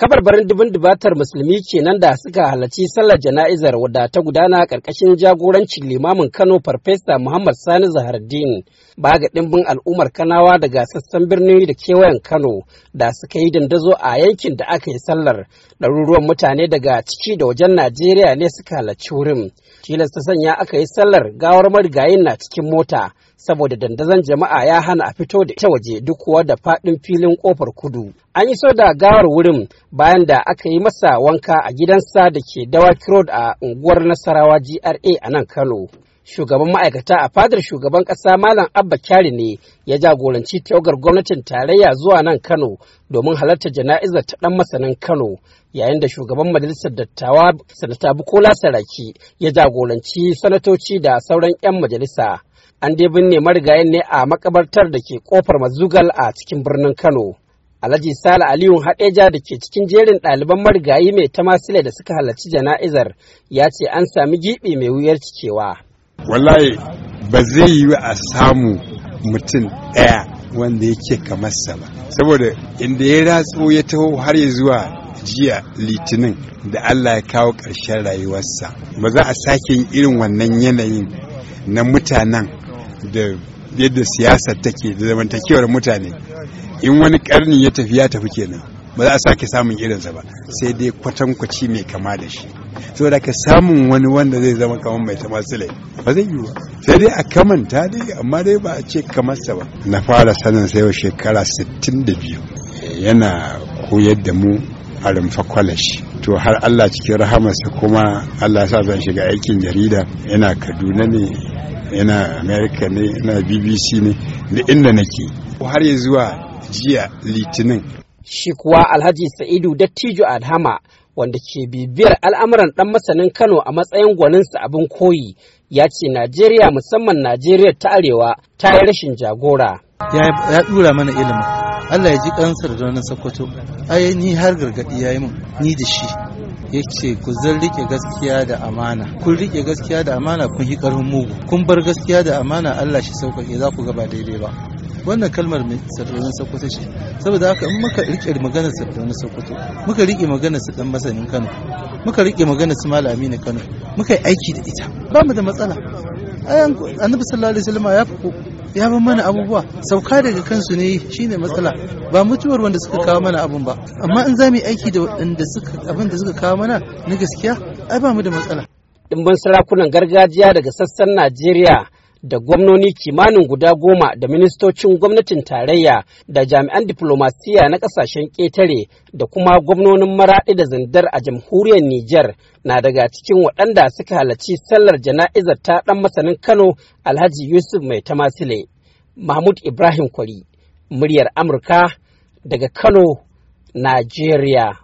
kabarbarin dubin dubatar musulmi kenan da suka halarci sallar jana'izar wadda ta gudana karkashin jagorancin limamin kano farfesa muhammad sani zahardin ba ga dimbin al'ummar kanawa daga sassan birni da kewayen kano da suka yi dandazo a yankin da aka yi sallar ɗaruruwan mutane daga ciki da wajen najeriya ne suka halarci wurin tilasta sanya aka yi sallar gawar marigayin na cikin mota saboda dandazon jama'a ya hana a fito da ita waje duk kuwa da faɗin filin ƙofar kudu. An yi so da gawar wurin bayan da aka yi masa wanka a gidansa da ke Dawaki Road a unguwar Nasarawa GRA a nan Kano. shugaban ma'aikata a fadar shugaban ƙasa malam abba kyari ne ya jagoranci tawagar gwamnatin tarayya zuwa nan kano domin halartar jana'izar ta ɗan masanin kano yayin da shugaban majalisar dattawa sanata bukola saraki ya jagoranci sanatoci da sauran 'yan majalisa an dai binne marigayen ne a makabartar da ke kofar mazugal a cikin birnin kano Alhaji Sale Aliyu haɗeja da ke cikin jerin ɗaliban marigayi mai tamasile da suka halarci jana'izar ya ce an sami giɓi mai wuyar cikewa. wallahi ba zai yi a samu mutum ɗaya wanda yake kamar sa ba saboda inda ya ratsu ya taho har ya zuwa jiya litinin da allah ya kawo ƙarshen rayuwarsa ba za a sake irin wannan yanayin na mutanen da yadda siyasar take da zamantakewar mutane in wani ƙarni ya tafi ya tafi kenan ba za a sake samun irinsa ba sai dai kwatankwaci mai kama da shi saboda ka samun wani wanda zai zama kamar mai tamasile ba zai yi ba sai dai a kamanta dai amma dai ba a ce kamar sa ba na fara sanin sai wa shekara 62 yana koyar da mu a rumfa kwalashi to har Allah cikin rahamarsa kuma Allah sa zan shiga aikin jarida yana Kaduna ne yana America ne yana BBC ne da inda nake har ya zuwa jiya litinin shi kuwa Alhaji Sa'idu Dattijo Adhama wanda ke bibiyar al'amuran ɗan masanin Kano a matsayin gwaninsa abin koyi ya ce Najeriya musamman Najeriya ta Arewa ta yi rashin jagora. Ya ɗura mana ilimi, Allah ya ji kansar da wani Sokoto. Ai ni har gargaɗi ya yi min ni da shi. ya ku zan rike gaskiya da amana kun rike gaskiya da amana kun yi ƙarfin mugu kun bar gaskiya da amana Allah shi sauƙaƙe za ku ga ba daidai ba wannan kalmar mai sardaunin sokoto ce saboda haka in muka rike maganar sardaunin sokoto muka rike maganar su dan masanin kano muka rike maganar su malami na kano muka yi aiki da ita ba mu da matsala annabi sallallahu alaihi wasallam ya ya ban mana abubuwa sauka daga kansu ne shine matsala ba mutuwar wanda suka kawo mana abun ba amma in za mu yi aiki da waɗanda suka abin da suka kawo mana na gaskiya ai ba mu da matsala dimban sarakunan gargajiya daga sassan Najeriya da gwamnoni kimanin guda goma da ministocin gwamnatin tarayya da jami'an diplomasiya na kasashen ƙetare da kuma gwamnonin maraɗi da Zandar a jamhuriyar Nijar na daga cikin waɗanda suka halarci sallar jana'izar ta ɗan masanin Kano Alhaji Yusuf Mai Tamasile. Mahmud Ibrahim Kwari, muryar Amurka daga Kano, Najeriya.